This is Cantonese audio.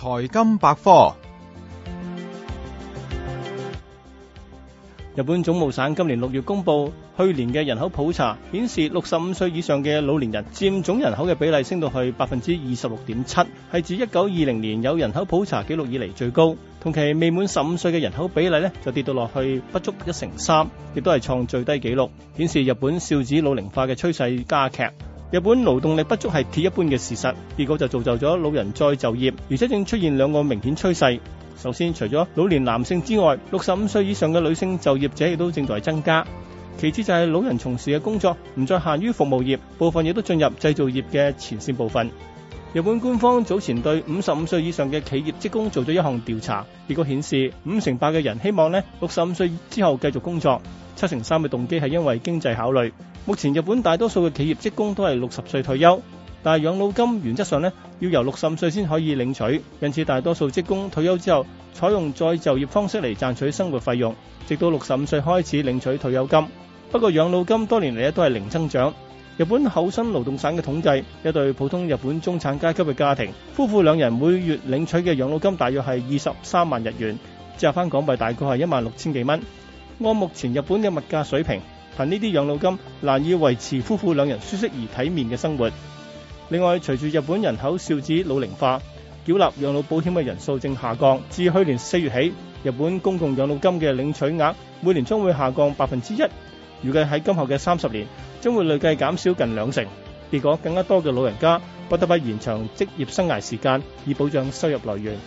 財金百科。日本總務省今年六月公布去年嘅人口普查，顯示六十五歲以上嘅老年人佔總人口嘅比例升到去百分之二十六點七，係自一九二零年有人口普查記錄以嚟最高。同期未滿十五歲嘅人口比例呢，就跌到落去不足一成三，亦都係創最低紀錄，顯示日本少子老齡化嘅趨勢加劇。日本勞動力不足係鐵一般嘅事實，結果就造就咗老人再就業，而且正出現兩個明顯趨勢。首先，除咗老年男性之外，六十五歲以上嘅女性就業者亦都正在增加。其次就係老人從事嘅工作唔再限於服務業，部分亦都進入製造業嘅前線部分。日本官方早前對五十五歲以上嘅企業職工做咗一項調查，結果顯示五成八嘅人希望呢六十五歲之後繼續工作。七成三嘅動機係因為經濟考慮。目前日本大多數嘅企業職工都係六十歲退休，但係養老金原則上呢要由六十五歲先可以領取，因此大多數職工退休之後採用再就業方式嚟賺取生活費用，直到六十五歲開始領取退休金。不過養老金多年嚟咧都係零增長。日本厚生勞動省嘅統計，一對普通日本中產階級嘅家庭，夫婦兩人每月領取嘅養老金大約係二十三萬日元，折合翻港幣大概係一萬六千幾蚊。按目前日本嘅物價水平，憑呢啲養老金難以維持夫婦兩人舒適而體面嘅生活。另外，隨住日本人口少子老齡化，繳納養老保險嘅人數正下降。自去年四月起，日本公共養老金嘅領取額每年將會下降百分之一，預計喺今後嘅三十年，將會累計減少近兩成。結果，更加多嘅老人家不得不延長職業生涯時間，以保障收入來源。